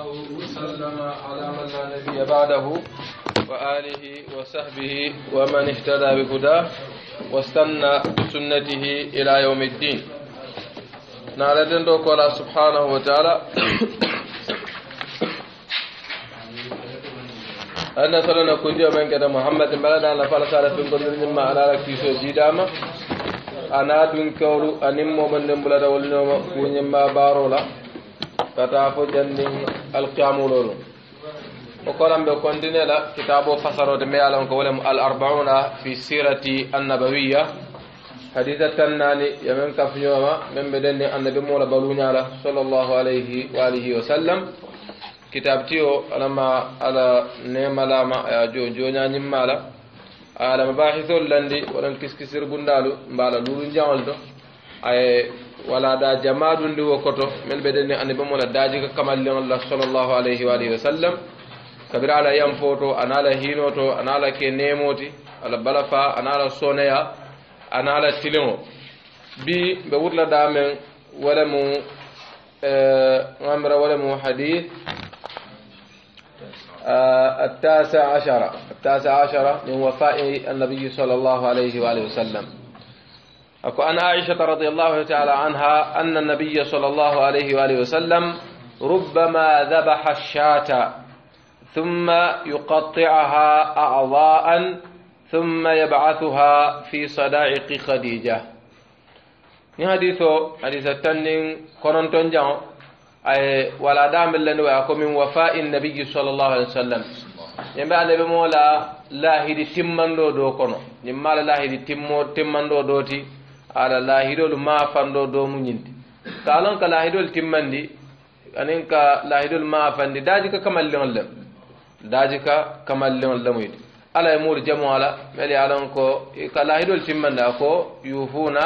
الله وسلم على من لا نبي بعده وآله وصحبه ومن اهتدى بهداه واستنى بسنته إلى يوم الدين نعلن دوك ولا سبحانه وتعالى أن سرنا كنجو من كده محمد بلد أنا فلا على من قدر ما على لك في سوزي داما أنا دون كورو أنمو من دمبلا دولنما كنجم بارو لا kata fo jandin القيام لولو وقرن بكوندين لا كتابه فسروا دمي على ولم الأربعون في سيره النبوية حديث التناني يمن كفيوما من بدن النبي مولى بلونيا صلى الله عليه وآله وسلم كتابتيو لما على نيما لاما يا جو جونيا نيمالا على مباحث لندي ولن كسكسر بندالو مبالا لولو جاولتو أي ولا دا جماد اللي وكتو من بدني أني بمولا داجك كما اللي الله صلى الله عليه وآله وسلم كبير على يام فوتو أنا على هينو تو أنا على كي نيموتي على بلفا أنا على سونيا أنا على تلمو بي بقول لا دامن ولا مو عمر آه، ولا مو حديث آه، التاسع عشرة التاسع عشرة من وفاء النبي صلى الله عليه وآله وسلم أكو أن عائشة رضي الله تعالى عنها أن النبي صلى الله عليه وآله وسلم ربما ذبح الشاة ثم يقطعها أعضاء ثم يبعثها في صداعق خديجة ni haditho hadisa tannin kononton jan ay wala damel len wa ko min wafa'in nabiyyi sallallahu alaihi wasallam yembe alabe mola lahidi timmando do kono nyimmala lahidi timmo timmando doti ala lahidolu ma fando domu ñindi ka alon ka lahidol timmandi anin ka lahidol ma fandi daji ka kamalliŋol lem daji ka kamalliŋol lemuyiti ala ye muuru jamo ala meli alon ko ka lahidol timmandi a ko yufuna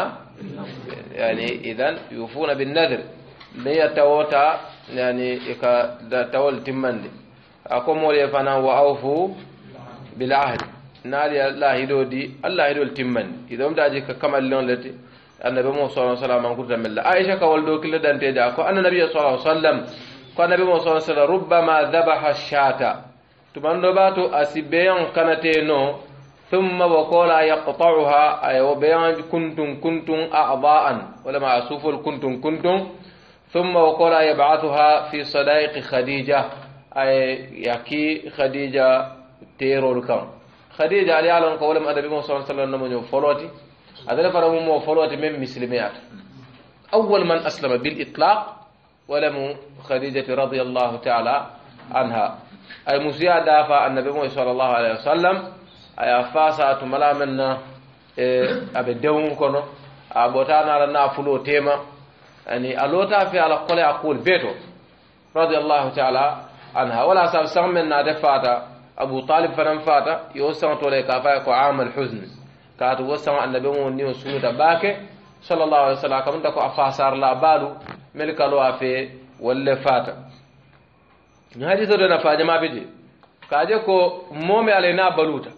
yani idan yufuna binnadir ni ya tawota yani ka da tawol timmandi a ko moolu ye fana wa awfu bilahdi نالي الله يدو دي الله يدو التمن إذا أمد أجيك كمال لون لتي النبي محمد صلى الله عليه وسلم أنكرت من الله عائشة كوالدو كل دان تيجا كو أن النبي صلى الله عليه وسلم كو النبي محمد صلى الله عليه وسلم ربما ذبح الشاتا تمن نباتو أسيبيان كانتي نو ثم وقال يقطعها أي وبيان كنتم كنتم أعضاء ولا مع سفل كنتم ثم وقال يبعثها في صدائق خديجة أي يكي خديجة تيرو الكم خديجة علي alon ko wolem adabi mo sallallahu alaihi wasallam no mo foloti adala fara mo foloti mem muslimiyat awwal man aslama bil ولم خديجة رضي الله تعالى عنها أي مسيا دافع النبي صلى الله عليه وسلم أي أفاسة ملا منا أبي دون كنو أبوتانا لنا فلو تيما يعني ألوتا في على قول أقول بيتو رضي الله تعالى عنها ولا سبسم منا دفعتا أبو طالب فنان فاتا يوسع تولي كافاك عام الحزن كات وسع النبي من يوسع باك صلى الله عليه وسلم كم تكو أفاسار لا بالو ملك لو أفي ولا فاتا هذه سورة فاجما بيجي كاجي كو مومي علينا بلوتا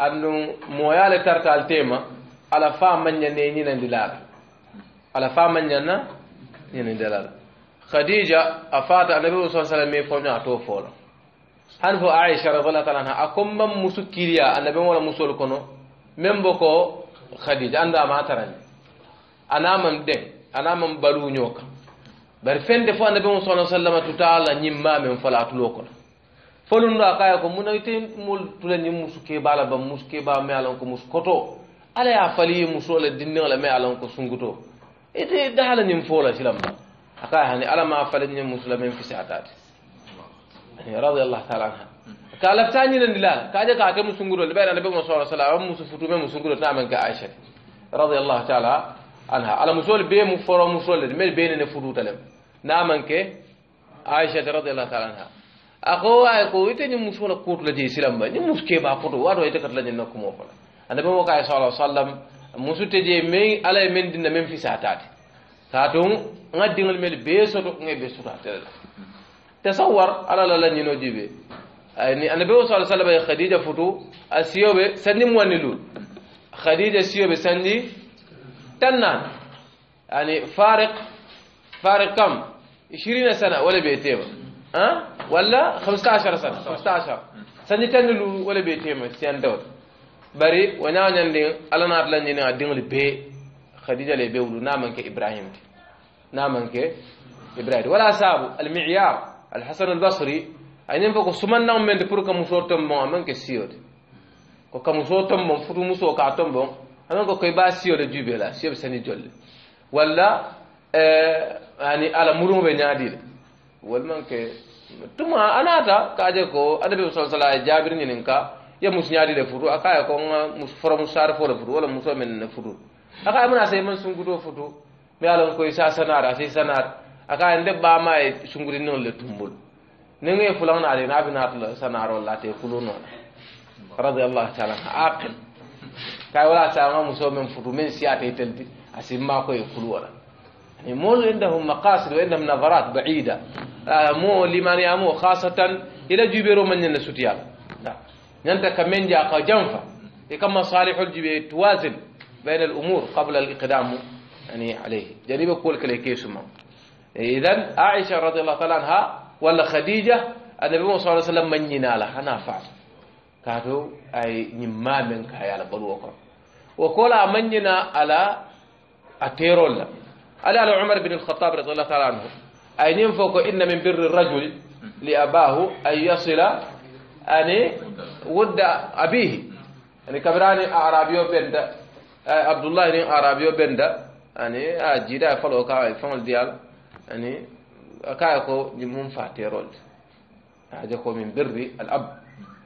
أنو مويال ترتال تيما على فام من ينيني ندلال على فام من ينا ينندلال خديجة أفات النبي صلى الله عليه وسلم يفهم أتوفولا hanfo aisha radiallah taala anha a man musu kiriya annabi wala musul kono men bo ko khadija andama tarani anaman den anaman baru nyoka bar fende fo annabi mu sallallahu alaihi wasallam tutala nyimma men fala tulo kono folun do akaya ko mun ite mul tulen nyim musuke bala ba musuke ba me alon ko koto ala ya fali musola dinni ala me alon ko sunguto ite dahala nyim fola silam akaya hani ala ma fali nyim musulmin fi sa'atati رضي الله تعالى عنها kala tani nan dilal kaje ka ga musunguro le bayna nabi muhammad sallallahu alaihi wasallam musufutu me musunguro na man ka aisha radiyallahu ta'ala anha ala musol be mu foro musol le mel bene ne fudu talem na man ke aisha radiyallahu ta'ala anha ako ay ko ite ni musol ko to je islam ba ni muske ba ko to wado ite kat la ni nakku mo fala annabi mo ka sallallahu alaihi wasallam musute je me ala men dinna men fi satati katum ngaddi ngol mel be soto ngai be soto تصور على لا جيبي ينوجيبه يعني النبي صلى الله عليه وسلم خديجة فوتو اسيوبي سندي موانلول خديجة سيوبي سندي تنان يعني فارق فارق كم 20 سنة ولا بيتيما أه؟ ها ولا 15 سنة 15 سندي تنلو ولا بيتيما سيان دول بري ونعن يندين ألا نعرف لن ينعن الدين لبي خديجة لبي ولو نامن كإبراهيم نامن كإبراهيم ولا سابو المعيار alhasan albasri anin fo ko sumannao mente pour que musoo tombon aman ke siyode ko ka musoo tombon futu musoo ka tombon aman ko koye ba siyode juuɓe la siyo ɓe sani jolle walla ani ala murumo ɓe ñaadide walman ke tuma anata kaje ko adabi sa sala e jaabiri ñinin ka ya mus ñaadide futu a kaye ko foro musare fore futu walla musoo men ne futu a kaye mona sey man sunguto futu mi alan koye sa sanare a sey sanare aka nde bama e sungurinol le tumbol nin ye fulana ali na bina tula sanaro la te kuluno radiyallahu ta'ala aqil kay wala ta ma muso men futu men siya te telti asimma ko e kulu wala يعني مول عندهم مقاصد وعندهم نظرات بعيدة مو لمن يامو خاصة إلى جبيرو من ينسوتيان ننت كمن جاء جنفة كما صالح الجبير توازن بين الأمور قبل الإقدام يعني عليه جريب كل كليكيسما إذا عائشة رضي الله تعالى عنها ولا خديجة النبي صلى الله عليه وسلم من ينالها أنا فعل كاتو أي نما منك على بلوكم وكل من ينا على أتيرول على على عمر بن الخطاب رضي الله تعالى عنه أي ننفق إن من بر الرجل لأباه أن يصل أن ود أبيه يعني كبراني أعرابيو بند أه، عبد الله بن أعرابيو بند يعني أجيدا آه، فلو كان فلو ديال يعني أكايكو جمهم فاتيرول أجاكو من بري الأب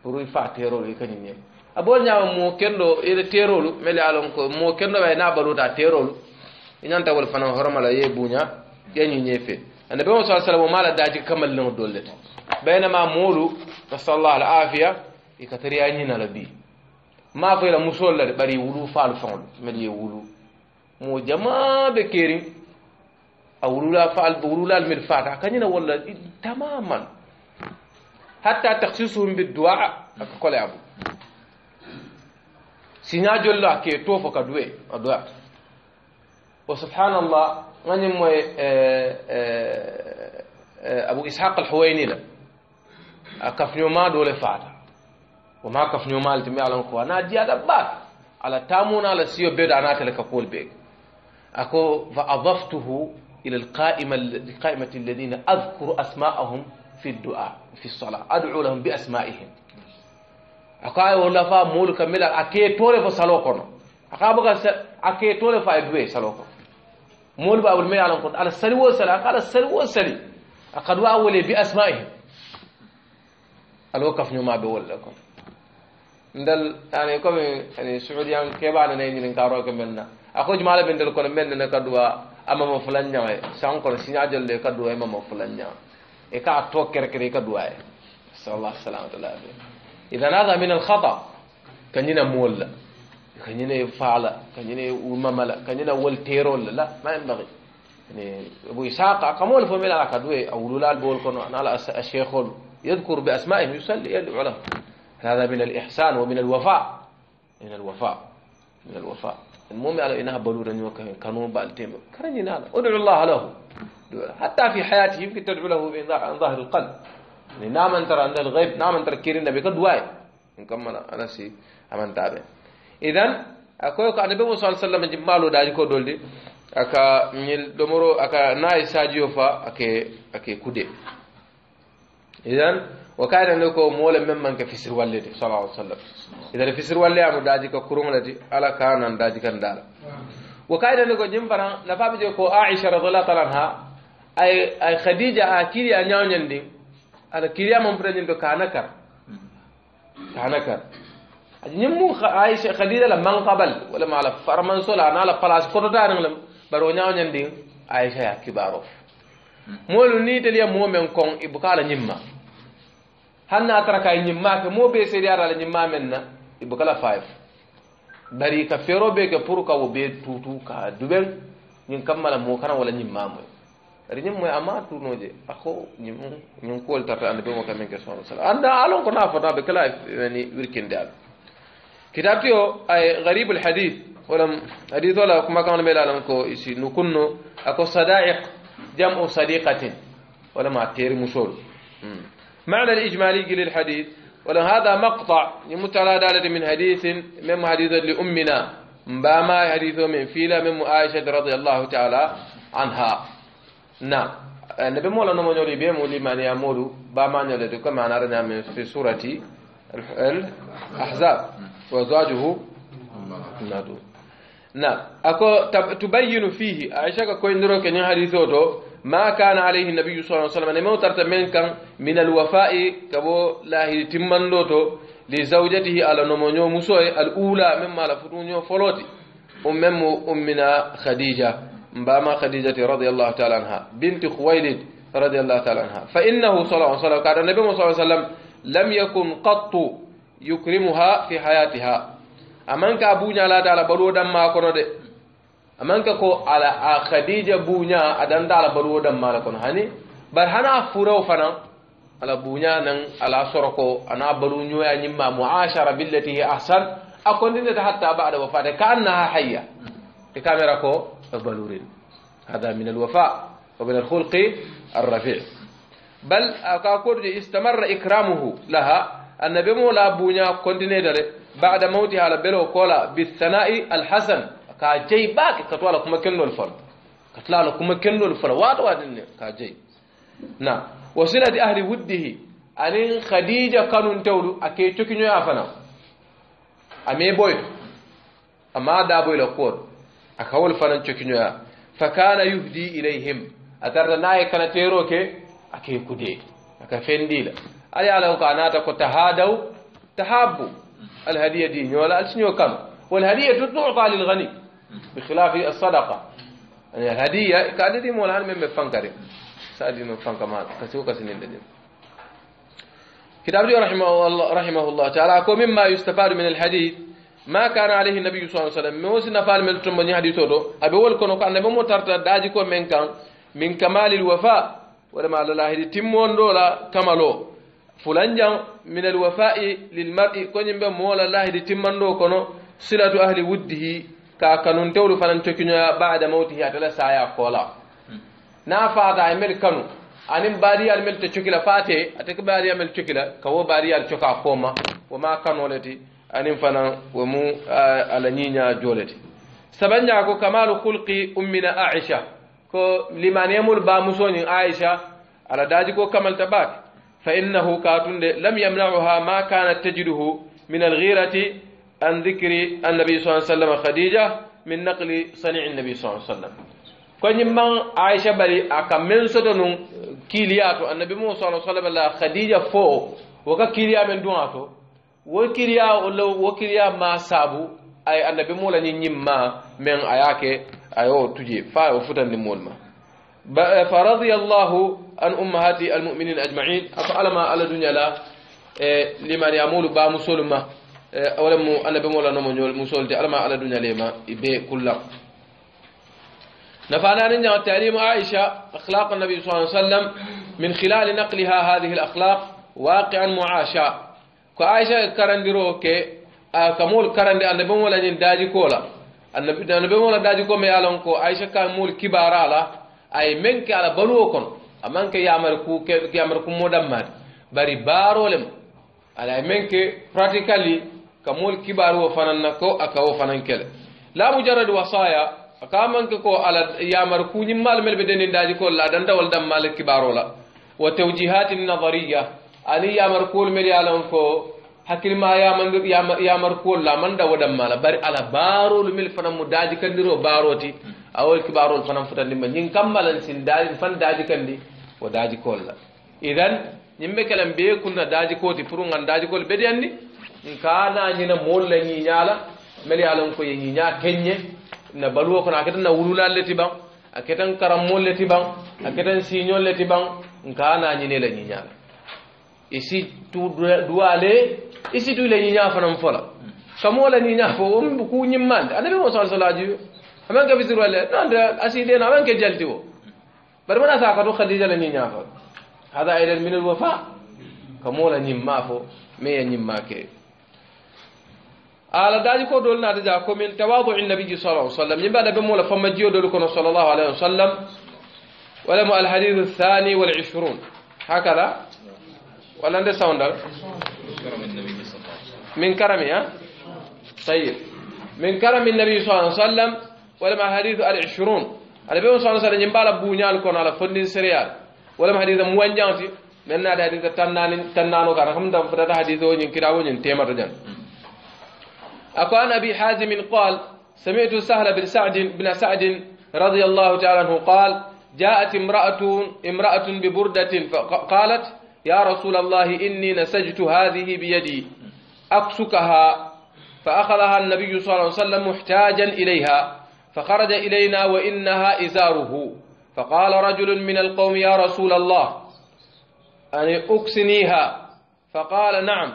بروي فاتيرول يكنين أبول أبونا مو كندو إذا تيرول ملي ألونكو مو كندو بينا بلوتا تيرول إنان تقول فنا هرم على يبونا إيه يعني نيفي أنا بيوم صلى الله عليه وسلم داجي كمل لهم دولت بينما مولو نسأل الله العافية يكتري أنينا لبي ما في لا مسؤول بري ولو فالفون ملي ولو مو جماعة بكيرين أولولا فعل بولولا المرفات كنينا ولا تماما حتى تخصيصهم بالدعاء أقول يا أبو سيناج الله كي توفى كدوي الدعاء وسبحان الله غني مو آه، آه، آه، أبو إسحاق الحويني لا أكفنيو ما دول فعل وما كفني ما التمي على أنا دي هذا بات على تامون على سيو بيد أنا تلك أقول بيك أكو فأضفته إلى القائمة القائمة الذين أذكر أسماءهم في الدعاء في الصلاة أدعو لهم بأسمائهم أقاي أيوة ولا فا مول كملا أكيد تولي فصلوا كنا أقاي بقى أكيد تولي فايدوي صلوا كنا مول بقى بالمية على كنت على السري والسلا على السري والسلا أكاي أولي بأسمائهم الوقف نيوما بول لكم ندل يعني كم يعني suudiyan keɓaɗanayi ñinin ka roke men na a hojmaala ɓe ndel kono men ama mo fulan nyawe san ko sinya jolle ka duwa ma mo fulan nyawe e ka to kerkere ka duwa sallallahu alaihi wasallam idan hada min al khata kanina molla kanina faala kanina umamala kanina wal terol la ma en ne yanbaghi يعني ابو اسحاق قاموا لهم الى كدوي او لولا البول كانوا انا الشيخ يذكر باسمائهم يصلي يدعو لهم هذا من الاحسان ومن الوفاء من الوفاء من الوفاء المهم على يعني إنها بلورة نيوكا كانون بالتيم كرني نانا ادعو الله له حتى في حياتي يمكن تدعو له عن ظهر القلب يعني نعم أنت عند الغيب نعم أنت كيرين نبي قد واي نكمل أنا سي أمان تابع إذن أكو النبي صلى الله عليه وسلم جمالو داجي كو دولدي aka ñil domoro aka nayi sadio fa ake ake kude idan وكان نكو مولا ممن كفسر والدي صلى الله عليه وسلم نعم. إذا فسر والدي أمو داجي كروم لدي ألا كان كان دار نعم. وكان نكو جنفرا نفابي كو عائشة رضي الله عنها أي أي خديجة أكيري أنياو نندي أنا كيريا ممبرا دو كانكر نعم. كانكر ñimmu aicha khadija la man qabal wala ma la farman sola na la place ko daran lam baro nyaaw nyandi aicha ya kibaro molu ni teliya hanna taraka nyimma ke mo be sedi ara nyimma menna ibukala 5 bari ka fero be ke pour ka wobe tutu ka duben nyin kammala mo kana wala nyimma mo bari nyim moy ama tuno je ako nyim nyim ko tarta an be mo kamen ke sallallahu alaihi wasallam anda alon ko na fata be kala yani wirkin dal kitabtiyo ay gharib al hadith wala hadith wala kuma kan me lalam ko isi nukunno ako sadaiq jam'u sadiqatin wala ma teri musol معنى الإجمالي للحديث هذا مقطع يمتلا دالة من حديث من حديث لأمنا مباما حديث من فيلا من عائشة رضي الله تعالى عنها نعم النبي مولا نمو نولي بيمو لمن يامولو باما نولدو كما نرنا من في سورة الأحزاب وزواجه نعم أكو تبين فيه عائشة كوين دروك نين حديثه ما كان عليه النبي صلى الله عليه وسلم نمو ترتمين كان من الوفاء كبو لا تمن لوتو لزوجته على نمونيو مسوي الأولى مما لفتونيو فلوتي أمم أمنا خديجة مباما خديجة رضي الله تعالى عنها بنت خويلد رضي الله تعالى عنها فإنه صلى الله عليه وسلم كان النبي صلى الله عليه وسلم لم يكن قط يكرمها في حياتها أمانك أبو نالا دالا برو ما كنو amanka ko ala khadija bunya adanda ala baruwo damma la kono hani bar hana furaw fana ala bunya nan ala soroko ana baru nyoya nyimma muashara billati hi ahsan akondine ta hatta ba'da wafati ka'annaha hayya ti kamera ko balurin hada min alwafa wa min alkhulq arrafi' bal akakordi istamarra ikramuhu laha annabi mo la bunya kondine dale ba'da mawtiha ala belo kola bisana'i alhasan كاجي باك كتوالا كما كنو الفرد كتلالا كما كنو الفرد وات وادن كاجي نا وصلة أهل وده أن خديجة كانوا تولو أكي تكينو يافنا أمي بوي أما دا بوي لقور أكاول فنا تكينو يا فكان يهدي إليهم أترى ناي كان تيروكي أكي كودي أكا فنديل أي على وكانات أكو تهادو تحابو الهدية دي ولا أشنو كانوا والهدية تعطى للغني بخلاف الصدقة يعني الهدية كأدي مولا هل من مفنكري سأدي من فنك ما كسوك سنين لديم كتاب رحمه الله رحمه الله تعالى كو مما يستفاد من الحديث ما كان عليه النبي صلى الله عليه وسلم مو نفال من تمني حديثو دو ابي ول كونو كان نبي مو تارتا داجي كو من كان من كمال الوفاء ولا ما الله دي تيمون دولا كمالو فلان جان من الوفاء للمرء كون يمبه مولا الله تيمان دو كونو صله اهل وده ka kanuntewolu fanaŋ cokiñoya baada mawtihi ate la saya kola na faata a mel kanu aniŋ baadiyaalu mel te cokila faate ate ke baadiya mel cokila ka wo baadiyaalu coka kooma wo ma kano le ti aniŋ fanaŋ wo mu a la ñiiña joo le ti sabanñaa ko kamalu hulqi ummina aicha ko limaniyamolu baamusoñiŋ aicha ala daaji ko kamalta baake fa innahu kaatunde lam yamnauha ma kanat tajiduhu min alghirati عن ذكر النبي صلى الله عليه وسلم خديجة من نقل صنيع النبي صلى الله عليه وسلم كون من عائشة بلي أكا من سدن كيلياتو النبي موسى صلى الله عليه وسلم خديجة فو وكا كيليا من دوناتو وكيليا ولو وكيليا ما سابو أي النبي مولا نيما من أياك أيو تجي فا وفتن لمولما فرضي الله أن أمهات المؤمنين أجمعين أفعل ما على الدنيا لا إيه، لمن يمول بامسول ما Eh, wala mu annabi mola nomo ñol musolde alama ala duña lema be kulla نفعنا نجمع تعليم عائشة أخلاق النبي صلى الله عليه وسلم من خلال نقلها هذه الأخلاق واقعا معاشا كعائشة كرن دي دروكي كمول كرن دي النبي مولا داجي كولا النبي مولا داجي كولا يالون كو عائشة كمول كبارا لا أي منك على بلوكن أمانك يعمل كو يعمل كو مدمات باري بارو لم على منك براتيكالي كمول كبار وفننكو أكا وفنن كلا لا مجرد وصايا أكامن كو على يامر كوني مال مل بدين داجي كو لا دندا ولدم مال كبار ولا وتوجيهات النظرية أني يامر كول مل يالون كو hakkil ma yamandir yamarkuwol lamanda waɗan mala bari ala baarolu mil fanan mo daaji kandiro baaroti awol kibarol fanan futandi ma ñin kammalan sin daaji fan daaji kandi o daaji kolla idan ñimɓe kelen be kunna daaji kooti pour gan daaji kol ɓeɗi anndi kana nyina mol la nyi nyala mel ya lan ko yi nya kenye na baluwa ko na ketan na wulula leti bang aketan karam mol leti bang aketan sinyo leti bang kana nyine la nyi nyala isi tu duale isi tu la nyi nya fanam fola kamo la nyi nya fo um ku nyimman anabi mo sallallahu alaihi wasallam aman ka bisiru wala non da aside na aman ke jalti wo bar mana sa ka do khadija la nyi nya fo hada aidan min al wafa kamo la nyimma fo me ya nyimma ke على ذلك دولنا ذلك من تواضع النبي صلى الله عليه وسلم يبقى ده بمولا فما جيو دولكم صلى الله عليه وسلم ولم الحديث الثاني والعشرون هكذا ولا ده ساوند من كرم النبي صلى الله عليه وسلم من كرم طيب من كرم النبي صلى الله عليه وسلم ولم الحديث العشرون على بيو صلى الله عليه وسلم يبقى بونيال كون على فندين سريال ولم الحديث موانجانتي من هذا الحديث تنانو كان خمدا وين حديثو وين نتيمر جان أكو أبي حازم قال سمعت سهل بن سعد بن سعد رضي الله تعالى عنه قال جاءت امرأة امرأة ببردة فقالت يا رسول الله إني نسجت هذه بيدي أكسكها فأخذها النبي صلى الله عليه وسلم محتاجا إليها فخرج إلينا وإنها إزاره فقال رجل من القوم يا رسول الله أن أكسنيها فقال نعم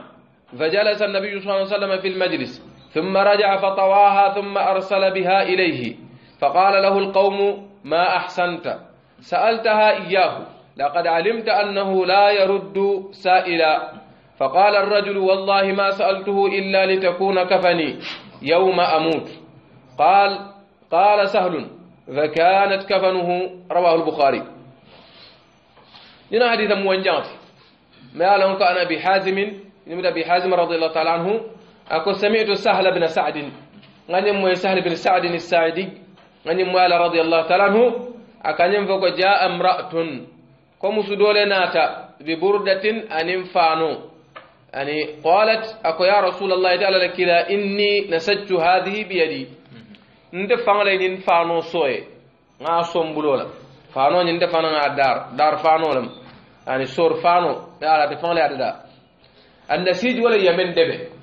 فجلس النبي صلى الله عليه وسلم في المجلس ثم رجع فطواها ثم أرسل بها إليه فقال له القوم ما أحسنت سألتها إياه لقد علمت أنه لا يرد سائلا فقال الرجل والله ما سألته إلا لتكون كفني يوم أموت قال قال سهل فكانت كفنه رواه البخاري لنا حديث موانجات ما لهم كان أبي حازم بحازم أبي حازم رضي الله تعالى عنه أكو سمعت سهل بن سعد غنم مو سهل بن سعد الساعدي غنم مو رضي الله تعالى عنه أكنم فوق جاء امرأة كم سدول ناتا ببردة أن فانو يعني قالت أكو يا رسول الله تعالى لك إني نسجت هذه بيدي نت فانلين فانو سوي ما سومبلولا فانو نت فانا دار دار فانو لم يعني سور فانو لا لا تفانلي هذا النسيج ولا يمن دبي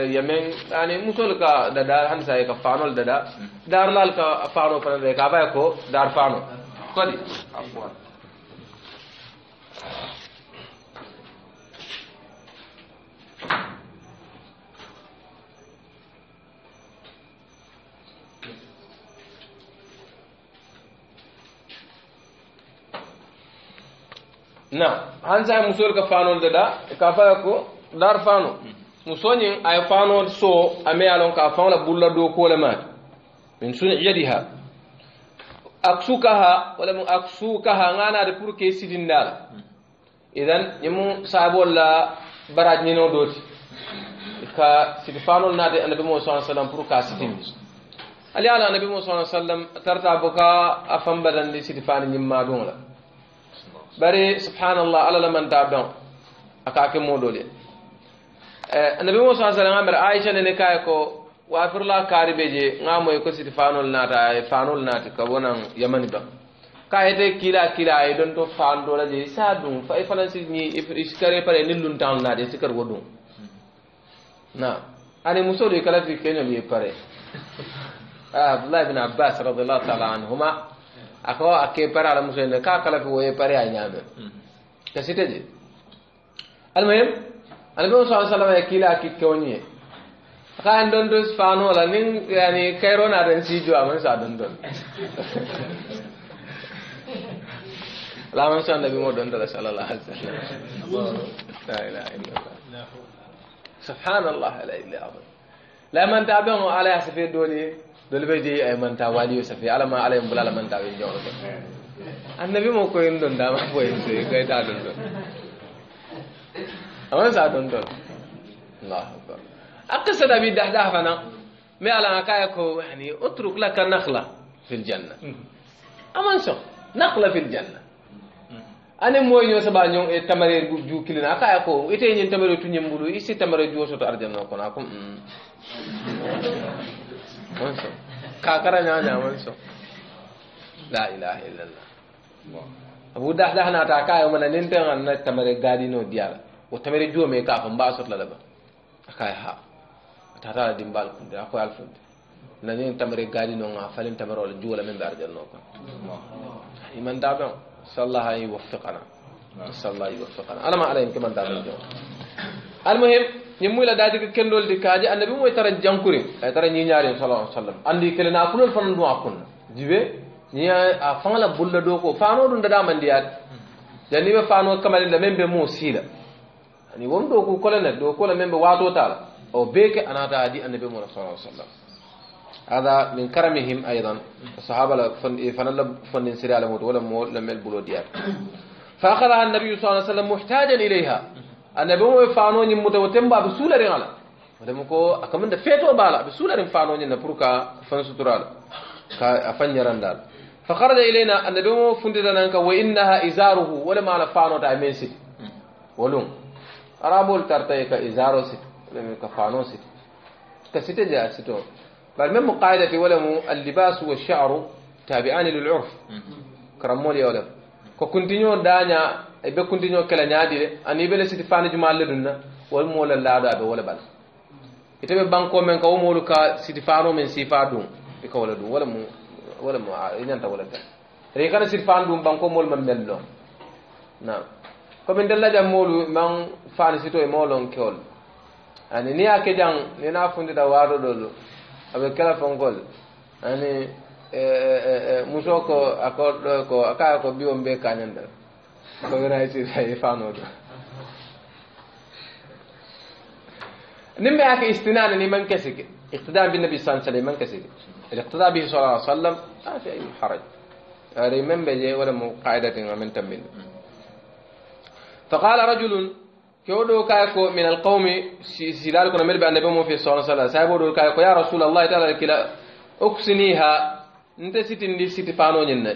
yemen yani musol ka dada hansa ka fanol dada dar lal ka fano fana ka ba ko dar fano kodi afwan na hansa musol ka fanol dada ka fa ko dar fano musoñin ay fano so ame alon ka fawla bulla do ko le mat min sun yadiha aksukaha wala mun aksukaha ngana de pour ke sidindal idan yimu sabol la baraj ni no doti ka sidi fano na de annabi muhammad sallallahu alaihi wasallam pour ka sidindi ali ala annabi muhammad sallallahu alaihi wasallam tarta boka afam badan di sidi fani nyimma don la bare subhanallah ala lamanta don akake modole annabi musa sallallahu alaihi wasallam aisha ne kai ko wafirla karibe je nga moy ko siti fanol nata fanol nati ka wonan yamani ba ka ite kila kila ay don to fan do la je sa dum fa ay falansi ni iskare pare ni lun tan na de sikar wodum na ani muso de kala fi kenyo li pare abdullah ibn abbas radiyallahu ta'ala anhuma ako ake pare ala muso ne ka kala fi woye pare ay nyaabe ka site je almuhim alabin sa sallama ya kila akit ke wani kan don don fano la nin yani kairo na dan si juwa man sa don don la man sa nabi mo don don sallallahu alaihi wasallam la ilaha illallah subhanallah la ilaha illallah la man tabe mo ala safi dole dole be je ay man ta wali safi ala ma ala bulala man ta be jawlo annabi mo ko en don da ma ko en so kay ta don don أنا ساتون دون الله أكبر أقصد أبي الدحداح فأنا ما على عكايكو يعني اترك لك نخلة في الجنة أما نشوف نخلة في الجنة أنا موي نيو سبا نيو تمرير جو كلنا عكايكو إتي نين تمرير تو نيمبرو إسي تمرير جو سوتو أرجمنا كنا كم منسو كاكرا نيا منسو لا إله إلا الله أبو الدحداح ناتا كايو من نين تمرير غادي نو ديالا wo tamere joome ka fo mba sotla laba akaye ha tata la dimbal kunde akoye alfunde nañin tamere gaadi noon a falim tamere ola juwola men ɓe arjanno kon iman daɓen sallah an yuwaffiqana sallah yuwaffiqana alama alayen keman daɓen jon almuhim ñin muyla daadi ko kendoldi kaaje annabi moy tara jankuri ay tara ñiñaarin sala sallam andi kele na kulol fanan ɗum a kunna jibe ñi a fangla bulla ɗo ko faano ɗum ndaɗamandiyaade janni ɓe faano kamalinde men ɓe mo siila ni won do ku kolene do kola membe wato tala o beke anata adi annabi mu sallallahu alaihi wasallam هذا من كرمهم أيضا الصحابة فنل فن سري على موت ولم لم يلبلوا ديار فأخذها النبي صلى الله عليه وسلم محتاجا إليها النبي هو فانون متوتم باب سولة رجلا ولم كو أكمل دفيتو بالا بسولة فانون نبرك فنسطرال كأفن يرندال فخرج إلينا النبي هو فندنا وإنها إزاره ولم على فانو تأمين سيد ولون arabol tarta e ka isaro sito ka fano sito ka site je a sito bal même mo qaidati wala mu allibasu walcharu tabi'ani lil'urf karammol ye wala ko continuo daña e ɓe continuo kela ñaadi de ani ɓele siti fanijuma ledunna wol mola laaɗo aɓe wala bala iteɓe banko men ka womolu ka siti fano men sifa ɗum e ka wala ɗum wala mu wala mu ñanta wala tan rei kana siti fan ɗum banko mol ma mello nam komin dalla jam molu man faani sito e molon kol ani ni ake jang ni na fundi fundita waaro ɗolu abe kala fonkol ani muso ko ako ko aka ko biwon ɓe kañandal ko na wena sita e do nim be ake istinane ni man kesike iqtida binnabi sa sallam man kesike الاقتداء به صلى الله عليه وسلم لا في أي حرج هذا من بجي ولا قاعدة من تمنه فقال رجل كيودو كايكو من القوم سيدال كنا مل النبي مو في صلى الله عليه وسلم سايبودو كايكو يا رسول الله تعالى كلا أكسنيها أنت سيتين دي سيتفانو نينا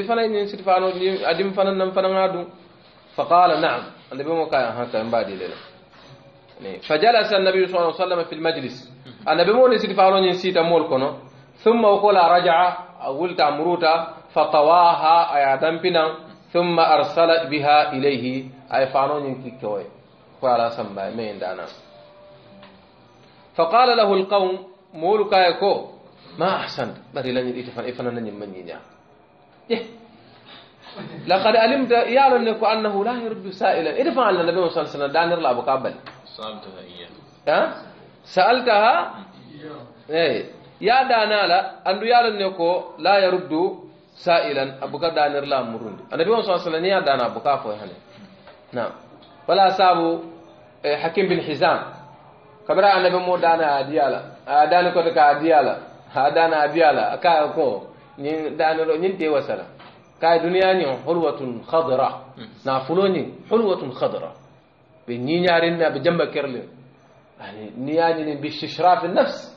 إفانا نين سيتفانو أدم فانا نم فانا نادو فقال نعم النبي كاي هكا امبادي ليلا فجلس النبي صلى الله عليه وسلم في المجلس النبي مو فانو نين سيتا مول كنو ثم وقال رجع أولت أمروتا فطواها أيادم بنا ثم أرسلت بها إليه أي فانون ينكي فعلا قال مين دانا فقال له القوم مولك يكو ما أحسنت بري لن يتفن نن من ينيا إيه. لقد علمت يا لنكو أنه لا يرد سائلا إذا فعل النبي صلى الله عليه وسلم دانر لا بقابل سألتها إياه سألتها إيه يا دانالا أنه يا لنكو لا يرد sa'ilan abuka danir la murundi annabi wa sallallahu alaihi wasallam dana abuka fo hane na wala sabu hakim bin hizam kamara annabi mo dana adiyala adana ko ka adiyala adana adiyala aka ko ni daniro ni te wasara ka duniya ni hulwatun khadra na fuloni hulwatun khadra be ni nyarin na be jamba kerle yani ni yani bi istishraf an-nafs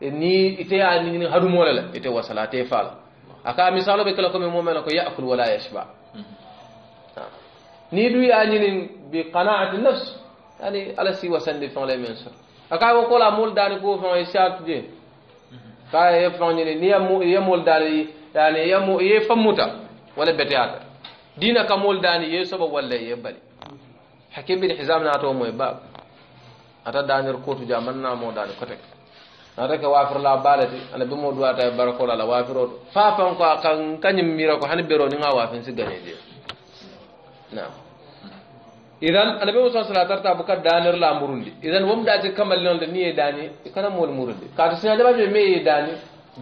ni ite yani ni hadumo la ite wasala te fala aka misalo be kala ko mo mel ko yaakul wala yashba ni du ya ni bi qana'ati nafs yani ala si wasande fon le men so aka wo ko la mul dani ko fon e shat je ka e fon ni ni ya mul dani yani ya mu ye famuta wala betiyata dina ka mul dani ye so ba wala ye bali hakim bin hizam na to moy bab ata danir kotu jamanna mo dani ko tek ata ke wafirla balati ana be mo duwata barakola la wafiro to fa fan ko kan kanyim mira ko hani bero ni nga wafin si gane je na idan ana be mo sallallahu alaihi wasallam buka danir la murundi idan wom da je kamal non da niye dani kana mol murundi ka to sinya da ba me dani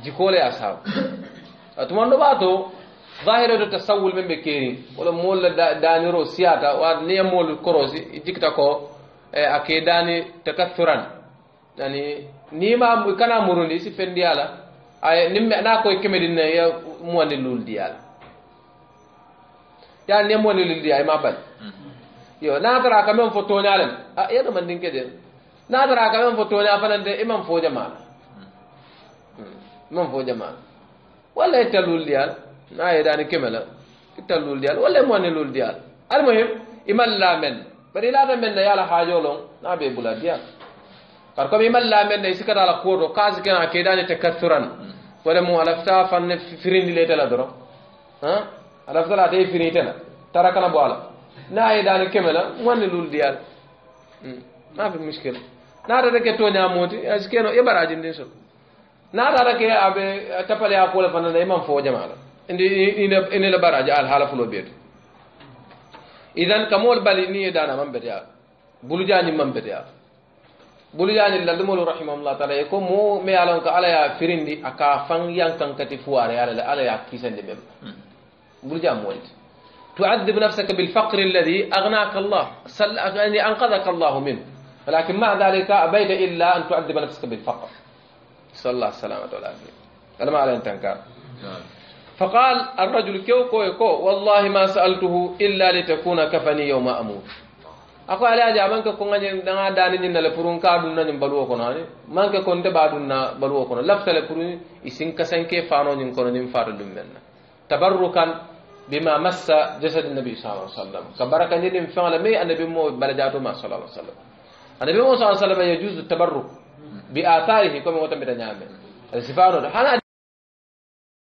jikole asab atuman do ba to ظاهرة التسول من بكيري ولا مول دانيرو سياتا ونيا مول كروسي جيكتا كو اكيداني تكثرا يعني nima kana murundi isi fendi ala ay nimme na koy kemedin ne ya muwani lul di ala ya ne muwani lul di ay ma bal yo na tara ka men foto ne alam a ya da man dinke de na tara ka men foto ne afalan de imam fo jama'a imam fo jama'a wala ita lul di ala na ya da ni kemela ita lul di ala wala muwani lul di ala al muhim imal la men bari la da men da ya la hajo lon na be bula di ala par comme imal lamen day sikata ala kuwoto kaasi kena kedani takassuran wala mu alafta fanne firindi letela doro han alaftala atay firinitena tara kana bo ala na ye dani kemela wanni lul diyal ma fi muskila naatata ke toña mooti asi keno e baraji ndin so naatata ke aɓe tapale a kuole fanana iman fo jamala ine la baraji al haala fulo ɓeeto idan kamol bali ni e dana man beteya bulujañi man beteya buluyañil la lumolu rahimahullah taala ye ko mo me ye lon ko ala ye firindi a ka fan yankan kati fuware ala la ala ye kisandi ɓen buluja mowolti تعذب نفسك بالفقر الذي أغناك الله سل... يعني أنقذك الله منه ولكن مع ذلك أبيت إلا أن تعذب نفسك بالفقر صلى الله السلامة والعافية أنا ما على أن تنكر فقال الرجل كيو كو والله ما سألته إلا لتكون كفني يوم أموت ako ala aja manke ko ngaje danga dani nyin na le purun ka dun na nyim baluwo kono ani manke ko nde ba dun na baluwo kono lafta le purun isin ka sanke faano nyin kono nyim faatu dum menna tabarrukan bima massa jasad nabi sallallahu alaihi wasallam ka baraka nyin dim fa'ala mai annabi mo balajato ma sallallahu alaihi wasallam annabi mo sallallahu alaihi wasallam yajuzu tabarruk bi atharihi kuma wata bidanyame sifano hana